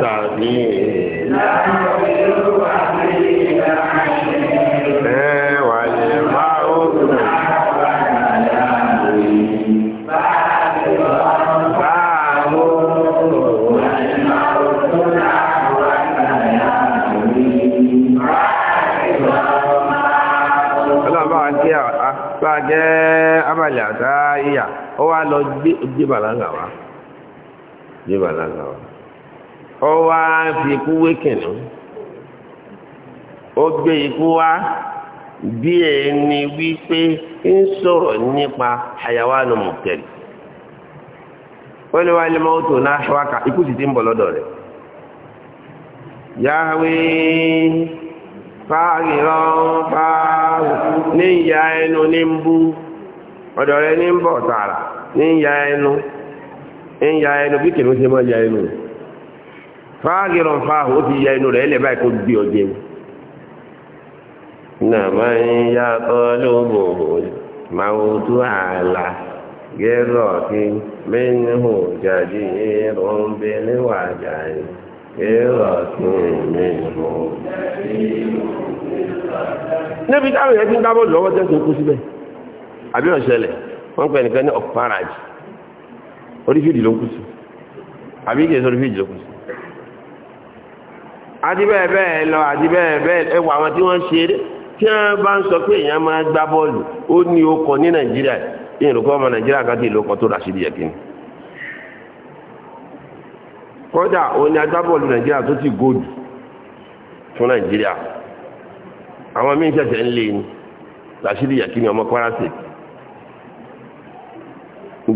tàbí. abalị àtàáyà ó ọwa lọ gbé bàlágà Ọwa gbé fi ikú wékìnnú ó gbé ikú wá bí ẹni wípé ń sọ̀rọ̀ nípa àyàwánu mọ̀kẹ́rì wọ́n wá ilé mọ́tò náà ṣọ́wáka ikú ti ń bọ̀ lọ́dọ̀ rẹ̀ ẹnu ní ń ọ̀dọ̀ rẹ ní ń bọ̀ tààrà ní ya ẹnu ń ya ẹnu bí kìnnìún ṣe máa ya ẹnu fáàgìrọ̀ fáàhù ó ti ya ẹnu rẹ̀ ọjẹ́ nàmá ń ya ọlọ́bù máa àlà gẹ́rọ̀ kí jáde bẹ gẹ́rọ̀ kí níbi táwọn yẹn ti ń dábọ̀ lọ́wọ́ kú síbẹ̀. àbí ọ̀ṣẹlẹ̀ wọ́n pẹ̀ nìkan ní ọ̀párajì orífìdì ló kù sí àbí kìí sọ ló kù sí. bẹ́ẹ̀ lọ bẹ́ẹ̀ àwọn tí wọ́n ṣe eré tí wọ́n bá ń sọ pé èèyàn máa gbá bọ́ọ̀lù ó ní okọ̀ ní nàìjíríà ìyẹn lóko ọmọ nàìjíríà kan tí ìlú ọkọ̀ tó rà sí ìyẹ̀kí ni. agbábọ́ọ̀lù nàìjíríà tó ti fún nàìjíríà àwọn míín ṣẹ̀ṣẹ̀ ń lé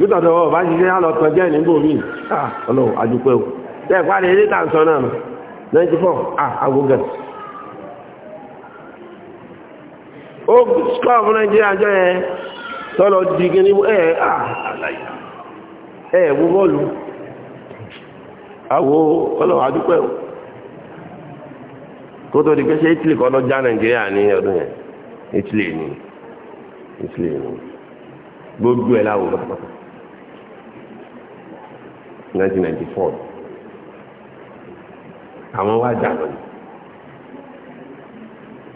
nítọ̀dọ̀ ọ̀ bá ṣiṣẹ́ á lọ jẹ́ nígbò míì ọlọ́ àdúpẹ́ o tẹ́ ẹ̀kọ́ ń sọ náà nù 94 àgógẹ̀ ó skọ́ọ̀fù nàìjíríà jẹ́ ẹ tọ́lọ dìgẹ́ ní ẹ̀ ẹ̀ wo bọ́ọ̀lù àwo ọlọ́ àdúpẹ́ o kó tó di pé ṣe Italy kọ́ lọ nigeria ní ọdún yẹn Italy ni Italy ni gbogbo ẹ̀ láwọ̀ pátápátá 1994 àwọn wá dànù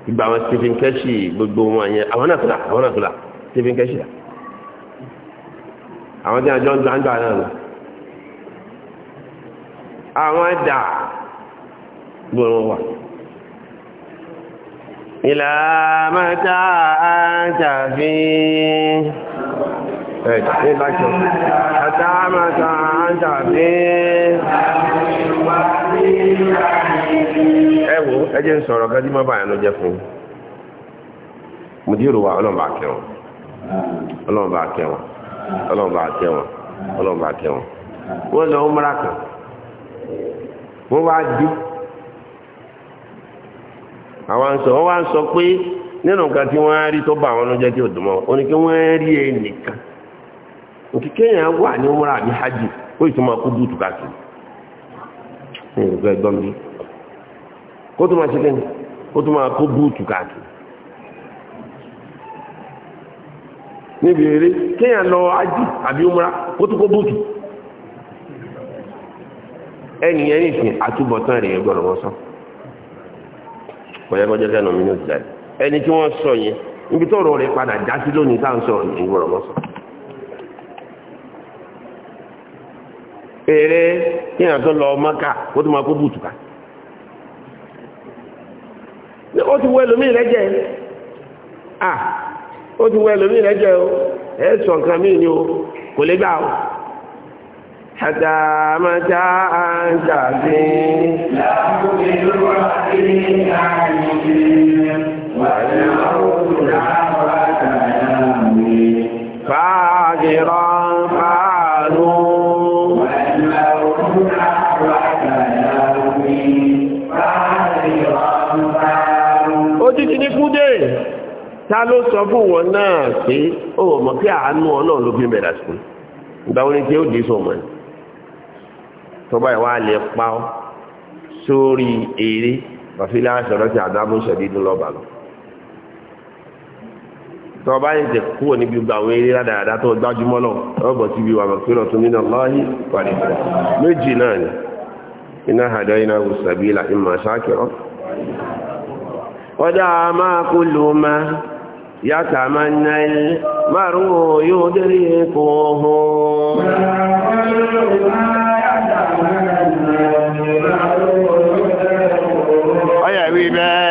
ìgbà àwọn Stephen Keshi gbogbo wọn yẹn àwọn náà fúlà àwọn náà fúlà Stephen Keshi là àwọn tí a jọ ń gbà ń gbà náà lọ àwọn wà ìlà àjàfíì ní báṣọ àtàmàtà ẹwọ ẹjẹ́ ń sọ̀rọ̀ gẹ́gẹ́ mọ́ báyà fún mùdírò wa ọlọ́mbà kẹwọn ọlọ́mbà kẹwọn ọlọ́mbà kẹwọn ọlọ́mbà kẹwọn wọ́n lọ kan wá àwọn sọ wá sọ pé nínú nǹkan tí rí tó bá àwọn dùn òkìkẹ́ yẹn wà ní umra àbí hajj ó sì máa kó búùtù káàkiri ní ìlú ẹgbọ́n kó tún máa ṣe kẹ́ni kó tún máa kó búùtù káàkiri. níbi eré kéèyàn lọ hajj àbí kó kó ẹni yẹn àtúbọ̀tán rẹ̀ yẹn gbọ́dọ̀ wọ́n sọ mi ní ẹni tí wọ́n sọ yẹn níbi rẹ̀ padà já eré yíyan tó lọ mọ́kà ó tún máa kó bùtùkà ó ti wọ ẹlòmíì lẹ́jẹ̀ ah ó ti wọ ẹlòmíì o ẹ sọ nǹkan o kò lè gbà o. ìlú wa ta ló sọ fún wọn náà pé ó mọ̀ kí àánú ọlọ́run ló fi bẹ̀rẹ̀ sí ìgbà wọn tí ó dé sọ mọ̀ ìwà lè pa ọ́ sórí eré wàfílẹ̀ àṣọ̀rọ̀ ti lọ yìí níbi àwọn eré tó gbájúmọ́ lọ tí wà nínú lọ́hí náà يتمنى المرء يدركه أيوة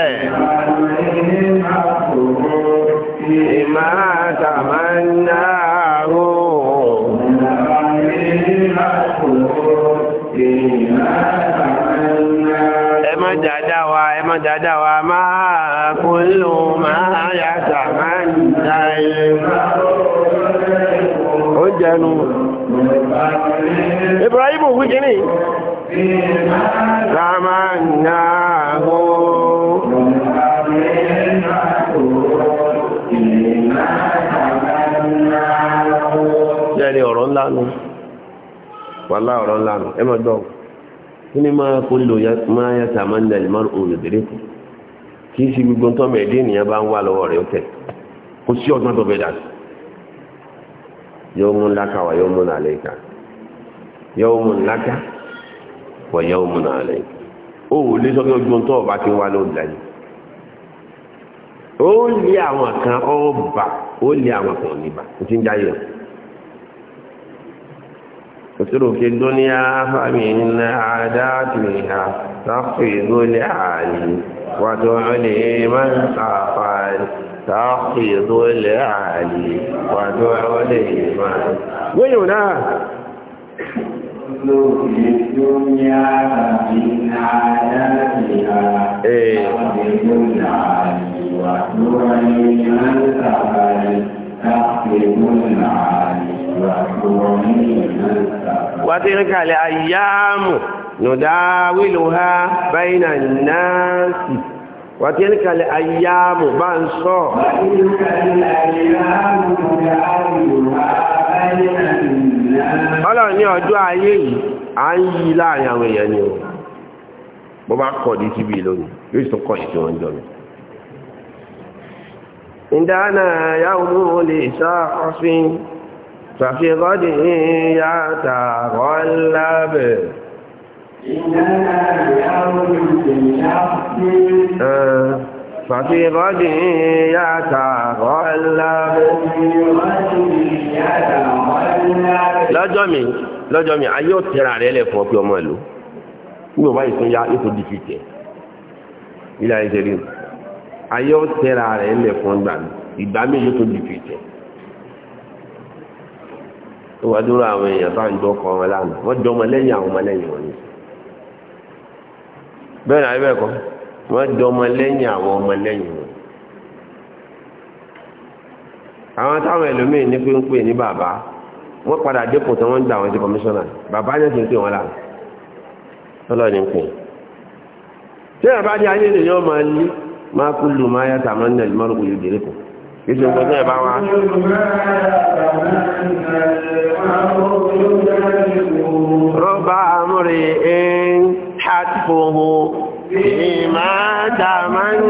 lẹ́nu Ibrahim wí kíní ramanahu jẹ́rìí ọ̀rọ̀ ńlá nù wàlá ọ̀rọ̀ ńlá nù ẹ máa gbọ́ kí ni máa kó lò máa yẹ sàmánà ìmọ̀ràn olùdírékù kì í ṣe gbogbo tọ́mọ ènìyàn bá ń wà lọ́wọ́ rẹ̀ ó tẹ̀ sí ọgbọ́n tó yawmun laka wa yawmun alayka yawmun laka wa yawmun alayka ó wò lé sọ́kẹ́ ojú tó ọba ti wá ló dájú o lé awọn kan ọba o lé àwọn kan níbà ó ti ń jáyọ̀ وترك الدنيا فمن عاداتها تخفض العالي وتعلي من خافني تعقيد العالي ودعو لمن وينا في إيه. الدنيا لمن وتلك الأيام نداولها بين الناس وتلك الأيام بانصو ọlọ́run ní ọjọ́ ayé yìí a ń yí láàrin àwọn èèyàn ni o bó bá kọ̀ dí síbí lónìí yóò tún kọ̀ ìtí wọn jọ mi ìdáná yàwó lè sá ففي غد يتغلب lọ́jọ́ mi lọ́jọ́ mi ayé ò tẹ́ra rẹ̀ lẹ̀ fún ọ pé ọmọ ìlú nígbà báyìí tún ya ètò dìkì tẹ̀ ilé ayé ṣe rí ayé ò tẹ́ra rẹ̀ lẹ̀ fún ọgbà mi ìgbà mi yóò tó dìkì tẹ̀ ó wá dúró àwọn èèyàn bá ń gbọ́ kọ́ wọn lánàá wọ́n jọ ọmọ lẹ́yìn àwọn ọmọ lẹ́yìn wọn ni bẹ́ẹ̀ náà bẹ́ẹ̀ kọ́ wọ́n di ọmọ lẹ́yìn àwọn ọmọ lẹ́yìn wọn àwọn táwọn ẹlòmíì ní pé ń pè ní bàbá wọ́n padà dépò tí wọ́n ń gbà wọ́n sí kọmíṣánná bàbá ní ti ń pè wọ́n láàrín ọlọ́ọ̀ni ń pè tí ẹ̀bá jẹ́ ayé lè yọ́ máa lé máa kú lù máa yàtà máa nà ìmọ̀rù kò lè dèrè kù kí ṣe nǹkan tí ẹ̀bá wá. rọ́bà amúre ẹ́ حتفه بما تمناه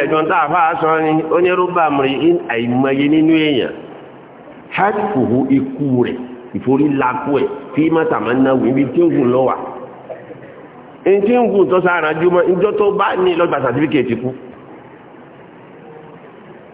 ẹ̀jọ̀n tàà fáà sọ ni onírúbà mìírí in àìmọye nínú èèyàn hátìfòhó ikú rẹ̀ ìforí lápò ẹ̀ fí mátàmá náà wíbi tí ó gùn lọ́wà. in tí ń gùn tọ́sára jùmọ́ ìjọ tó bá ní lọ́gbà sàtífíkẹ̀ẹ́tì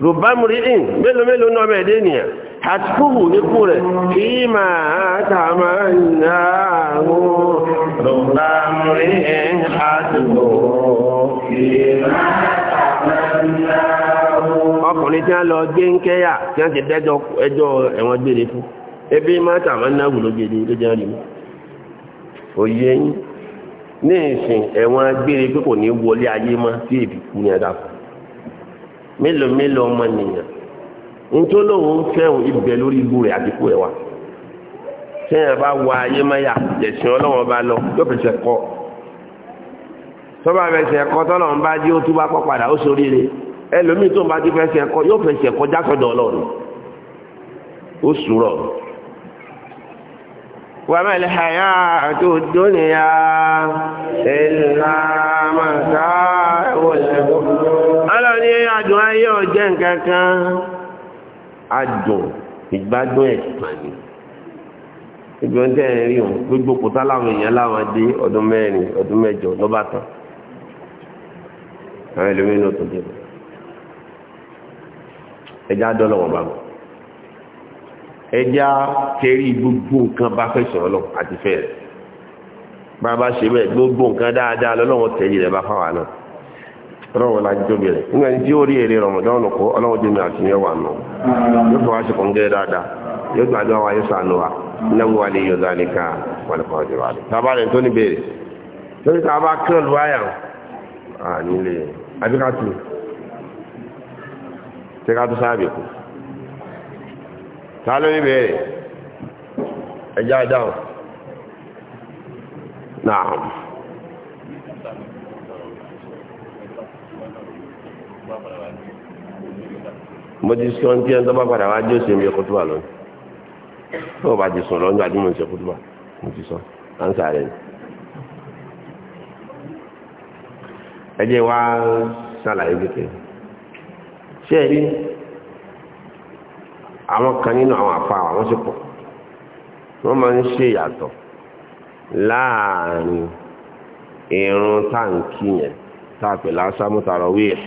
rùbámùrìín mélòó mélòó náà bẹ̀ẹ̀ dé nìyà àtúkùhù nípò rẹ̀ kí máa tààmà ìyàwó rùbámùrìín àtúkùhù ọkùnrin tí a lọ gbé ń kẹ́yà tí a ti dẹ́jọ́ ẹjọ́ ẹ̀wọ̀n gbére fún máa tààmà náà ló gbére ló jẹ́ mélòó mélòó ọmọ nìyẹn nítorí òun fẹ́ràn ibẹ̀ lórí ibu rẹ̀ àdínkù ẹ̀ wà sẹ́yìn bá wọ ayé mẹ́yà jẹ̀sìn ọlọ́wọ́n bá lọ yóò fẹsẹ̀ kọ́ tọ́ba fẹsẹ̀ kọ́ tọ́lọ́wọ́n bá dé ó tún kọ́ padà ó soríire ẹlòmíì tó ń bá dé fẹsẹ̀ kọ́ yóò fẹsẹ̀ kọ́ jásọ̀dọ̀ ọlọ́run ó ayé ọ̀jẹ́ nǹkan kan adùn ìgbádùn ẹ̀sùn ni ibi wọn tẹ́lẹ̀ rí wọn gbogbo kòtá láwọn èèyàn láwọn dé ọdún mẹ́rin ọdún mẹ́jọ lọ́ba tán àwọn ẹlòmíràn náà tó dé ẹjá dọ́lọ̀ wọn bá wọn ẹjá kẹrí gbogbo nǹkan bá fẹ́ sọ̀rọ̀ lọ àti fẹ́ rẹ̀ bá a bá ṣe bẹ́ẹ̀ gbogbo nǹkan dáadáa lọ́lọ́wọ́ tẹ̀lé rẹ̀ bá fáwọn náà. ọlọ́run la jóbi rẹ̀ nígbà tí ó rí èrè rọmọdán lóko ọlọ́run jẹ́mi àti yẹn wà nù yóò fọwọ́ aṣọ kan ya dáadáa yóò gbàdúrà wa yóò sànù wa náwó wa lè yọ dáadé ká wọn kọ́ ọdẹ wa lè. a bá kí nílé kù a ló ẹjá mo ti sọ ní ẹni tó bá padà wá jẹ́ òsèmi ẹ̀kọ́ tó wà lọ́nà tó o bá ti sùn lọ́nà àdúgbò ìṣẹ́ kó tó wà mo ti sọ ánsà rẹ̀ ni. ẹ jẹ́ wá ṣàlàyé kékeré ṣé ẹ rí àwọn kan nínú àwọn àfa àwọn sì pọ̀ wọ́n máa ń ṣe ìyàtọ̀ láàárín irun táǹkì yẹn tá a pè lásámú tààrọ̀ wíìlì.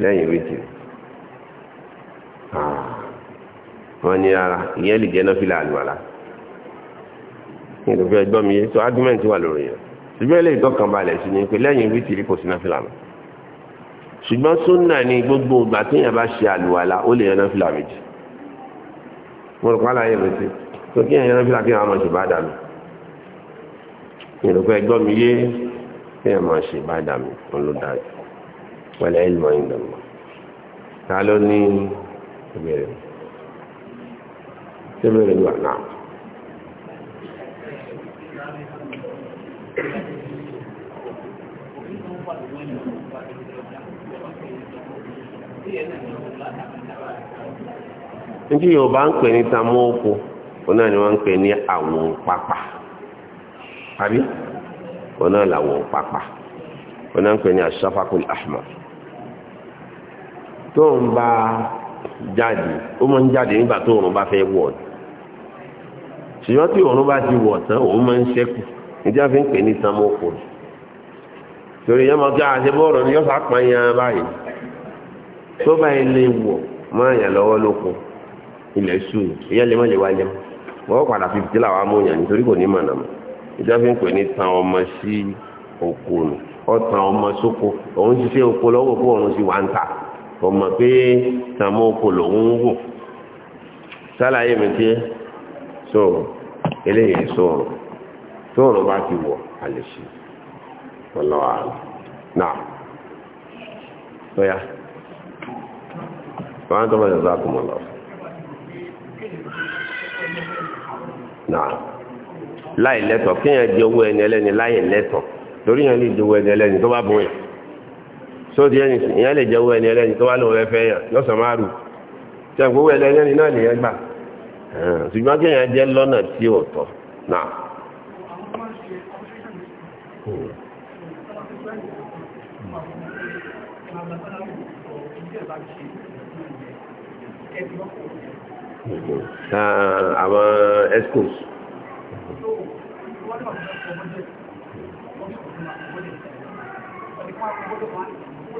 lẹ́yìn wítìrì ah. wọ́n ní ara ah, ìyẹn lè jẹ́ nọ́fìlà àlùwàlà nítorí ẹgbọ́n mi yé so argument wà lórí yẹn ṣùgbọ́n ilé ìtọ́kàn balẹ̀ sí ni pé lẹ́yìn wítìrì kò sí nọ́fìlà mọ́ ṣùgbọ́n súnà ni gbogbo ìgbà téèyàn bá ṣe àlùwàlà ó lè yan nọ́fìlà méjì mo rò pálá yẹ lọ́sí tó kí yan nọ́fìlà kí wọ́n máa ṣe bá dà mí nítorí ẹgbọ́n mi yé kí wọ́n máa ṣe bá dà mí òun والعلم عند الله تعالوني تبيري تبيري نعم níbi yorùbá ndị pè ní tamóòkù ni wọ́n ń pè ní àwọn pápá àbí òun náà làwọn pápá òun náà ń pè ní asafakul ahmad tóun bá jáde ó máa ń jáde nígbà tóun bá fẹ́ wọ̀ ṣùgbọ́n tí òun bá ti wọ̀ tán òun máa ń ṣẹ́kù a fi ń pè ní sanmọ́kò torí yẹn máa gbé àṣẹ bọ́ọ̀rọ̀ ni yọ́sà pa yan báyìí tó báyìí lè wọ̀ máa yàn lọ́wọ́ lóko ilẹ̀ sùn ìyá lè má lè wá lẹ́m wọ́n padà fi fìtílà wa mú yàn nítorí kò ní mọ̀nà mọ̀ níjà fi ń pè ní tan ọmọ sí òkò nù ọ̀tàn ọmọ sóko òun ṣiṣẹ́ òkò lọ́wọ́ kó òun sì wá ń ta kò mọ̀ pé tàmó oko lòun wò sálàyé mi tí so eléyìí sọ̀rọ̀ sọ̀rọ̀ bá ti wọ̀ alẹ́ sí ọlọ́wà náà lọ́yà wọ́n tó bá jẹ́ sáà kùmọ̀ lọ náà láì lẹ́tọ̀ kí yẹn owó ẹni ẹlẹ́ni láì lẹ́tọ̀ torí yẹn lè jẹ́ owó ẹni ẹlẹ́ni tó bá bọ́ yẹn sóòtì ẹni ìyẹn lè jẹ́ owó ẹni ẹlẹ́ni tó wá lóun rẹ fẹ́ yàn lọ́sàn-án máa rù tẹ̀ gbowó ẹlẹ́ni náà nìyẹn gbà ṣùgbọ́n kí èèyàn jẹ́ lọ́nà tí ò tọ́ náà. àwọn escos. Thank you.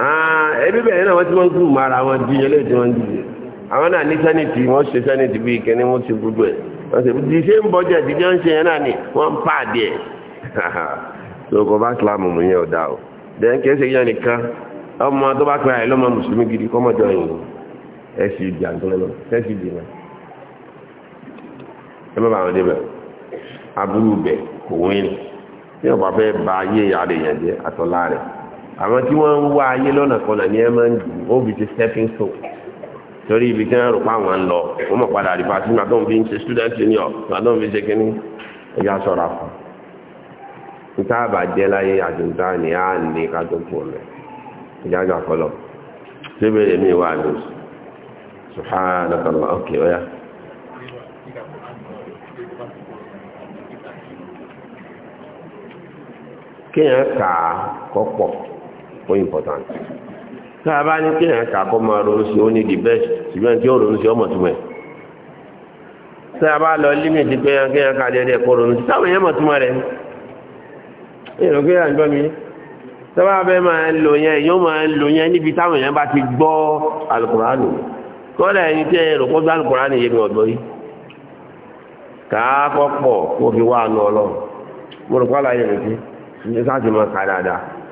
Ah, ẹbí bẹ̀rẹ̀ náà wọ́n ti wọ́n gùn mara wọn ju ilé tí wọ́n dìde àwọn náà ní sẹ́nìtì wọ́n ṣe sẹ́nìtì bíi kẹ́ni wọ́n ti gbogbo ẹ̀ wọ́n ṣe di ṣé ń bọ́jà tí wọ́n ṣe yẹn náà ni wọ́n ń pàdé ẹ̀ tó kọ bá kílámù mú yẹn ọ̀dà o dẹ́n kí ẹ ṣe yẹn nìkan ọmọ tó bá kíláyà lọ́mọ mùsùlùmí gidi kọ́mọjọ yìí ẹ sì dì àǹtọ́lẹ́ lọ ẹ sì dì náà ẹ má bàa wọn débẹ̀ aburú bẹ̀ kò wín ní ọ̀pá fẹ́ ba ayé ìyá rẹ̀ yẹn jẹ́ àtọ́lá rẹ̀ àwọn tí wọ́n ń wá ayé lọ́nà kan náà ní ẹ máa ń dùn ó bìí ti stepping stone torí ibi tí wọ́n rò pa àwọn ń lọ wọ́n mọ̀ padà rí pàṣẹ màdán fi ń ṣe student union màdán fi ṣe kínní ẹ̀yà sọ̀rọ̀ àfọ̀ níta àbàjẹ́ láyé àjòǹta ni a ní ká tó kú ọ̀lẹ̀ ẹ̀yà àjọ àkọlọ̀ ṣé bẹ́ẹ̀ mi wà ní oṣù subhanallah okay ọ̀yà. kéèyàn kà á kọ́pọ̀ ó important tá a bá ní kí èèyàn kà kọ́ máa ronú sí ó ní the best ṣùgbọ́n tí ó ronú sí ọmọ túmọ̀ ẹ̀ tá a bá lọ limit pé kí èèyàn kà déédéé kọ́ ronú sí táwọn èèyàn mọ̀ túmọ̀ rẹ̀ èèyàn gbé yàn gbọ́ mi tọ́wọ́ abẹ́ máa ń lò yẹn yóò máa ń lò yẹn níbi táwọn èèyàn bá ti gbọ́ alukùránù kọ́lá ẹni tí ẹ rò kó gbá alukùránù ní ọ̀dọ́ yìí kàá kọ́ pọ̀ kó fi wá àánú ọlọ́run mo rò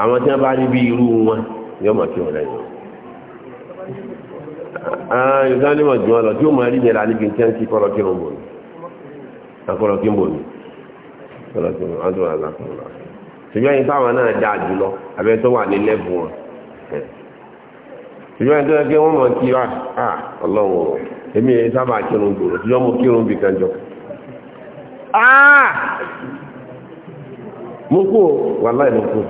àwọn tí wọ́n bá níbi irú wọn yóò mọ̀ kí wọ́n lẹ́yìn ìgbà ah, ní wọ́n jù wọn lọ tí ó mọ̀ rí nira níbi tí wọ́n ti kọ́lọ́ kí wọ́n bò ní akọ́lọ́ kí wọ́n bò ní kọ́lọ́ kí ṣùgbọ́n yìí táwọn náà dáa jùlọ abẹ́ tó wà ní lẹ́bù wọn ṣùgbọ́n yìí tó yẹ kí wọ́n mọ̀ kí wá ah, ọlọ́run èmi sábà kírun gbòòrò ṣùgbọ́n mo kírun Ah! mo kú o wàláhì mo kú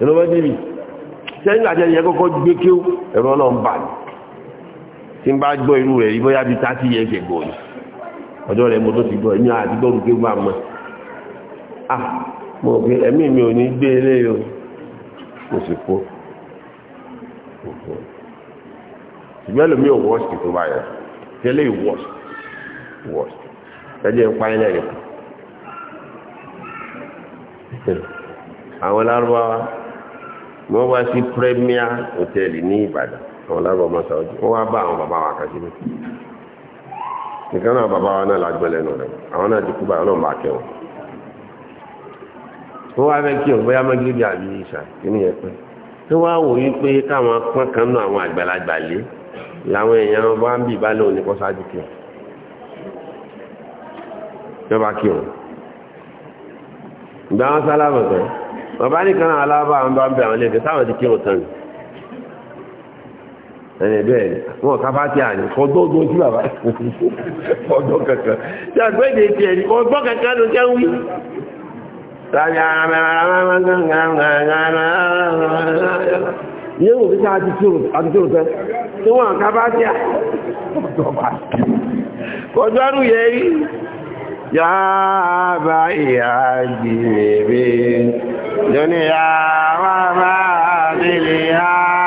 ẹ̀rọ bá débi sẹ́yìn àti ẹ̀yẹ kọ́kọ́ gbé kí ó ẹ̀rọ náà ń bà ní tí ń bá gbọ́ irú rẹ̀ rí bóyá bí tásí yẹ ṣe gbọ́ ni ọjọ́ rẹ̀ mo tó ti gbọ́ ẹ̀mí àti gbọ́rù pé máa mọ̀ ah mo rò pé ẹ̀mí mi ò ní gbé eré o mo sì kú ṣùgbọ́n ẹlòmíì ò wọ́ọ̀sì tó bá yẹ tẹ́lẹ̀ ìwọ́ọ̀sì ẹjẹ́ ń páyín lẹ́rìn àwọn lárúbáwá wọ́n wá sí premier hotel ní ìbàdàn àwọn lárúbáwá mọ́sá ojú wọ́n wá bá àwọn bàbá wa kà sí nìkan náà bàbá wa náà lágbẹ́lẹ̀ nù rẹ̀ àwọn náà ti kú báyọ̀ náà bá kẹwọn wọ́n wá fẹ́ kí àbí ìṣà wò yí pé káwọn pọ́n kan náà yóò bá kírun ìgbà wọn sálámù tán bàbá nìkan náà aláàbà àwọn bá ń bẹ àwọn lẹ́kẹ̀ẹ́ sáwọn ti kírun tán ẹni bẹ́ẹ̀ wọn ká bá tí a ní ọjọ́ ogun ojú bàbá ọjọ́ kankan tí a gbẹ́dẹ̀ tí ẹni ọjọ́ kankan ló jẹ́ wí yẹ́wò fíta àtìkírò tẹ́ tí wọ́n ká tí a ọjọ́ rú yẹ́ rí يا باي عجيبي دنيا وما دنيا